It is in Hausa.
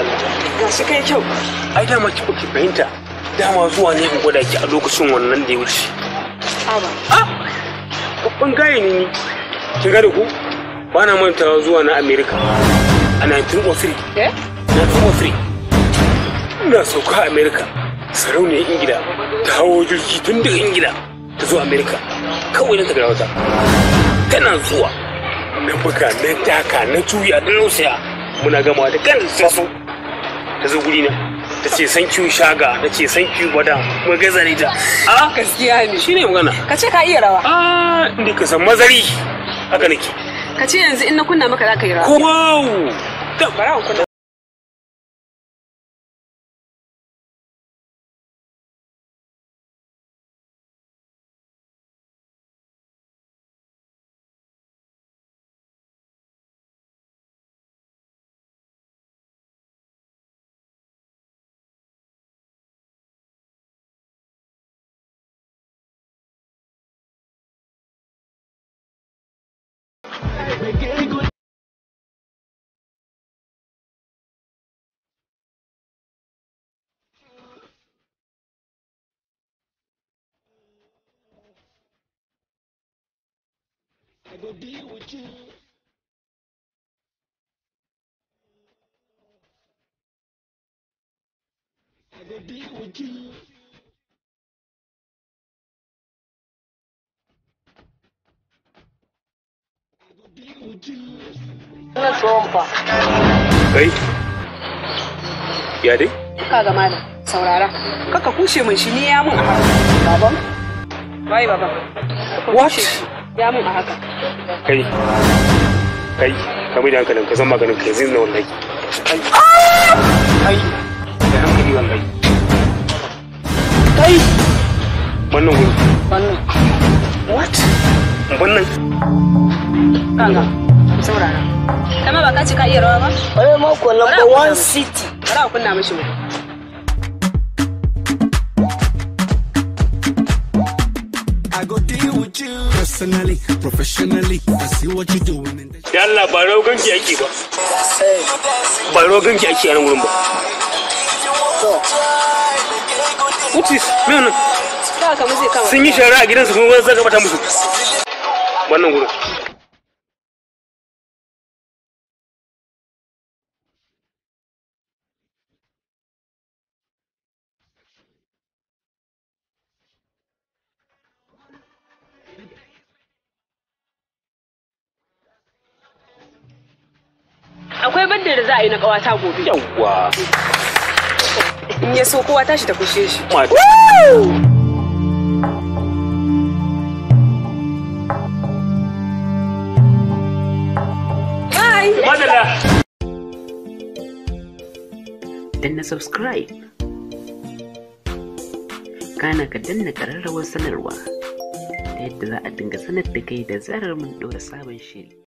Allah ya suka yi kyau ai dama ki kuke fahimta dama zuwa ne in gwada ki a lokacin wannan da ya wuce a ah! babban gaye ne ni ki ga da ku ba na mantawa zuwa na America a 1903 eh 1903 ina sauka America sarauniyar Ingila ta hawo jirgi tun daga Ingila ta zuwa America kawai na tagar wata tana zuwa na buga na daka na juya da nausaya muna gama da kan sasu ta zo guri na ta ce thank you shaga ta ce thank you gwada kuma gaza ne ta a gaskiya ne shine magana ka ce ka iya rawa a inda ka san mazari haka nake ka ce yanzu in na kunna maka za ka yi rawa ko wow I go be with you. I go be with you. Wannan tsohon fa. Kai? Ya dai? ga saurara. Kaka kushe min shi ni ya mun a haka. Baban? Wai baban. What? Ya mun a haka. Kai. Kai, ka mai da hankalin ka san maganin ka wallahi. Kai. Kai. Da hankali wallahi. Kai. Wannan wuri. Wannan. What? Wannan. kaga saurara kama ba ka iya rawa ba wai mako number one city bara kunna mishi mu personally, professionally. I see what you Yalla ba rogon ki ake ba. Ba rogon ki ba. What is? Me wannan. Sun yi shara a su kuma wani zaka bata musu. Wannan gurin. akwai banda da za a yi na kawata gobe yawwa in ya so kowa tashi ta kushe shi Danna subscribe kana ka danna kararrawar sanarwa ta yadda za a dinga sanar da kai da zarar mun ɗora sabon shiri.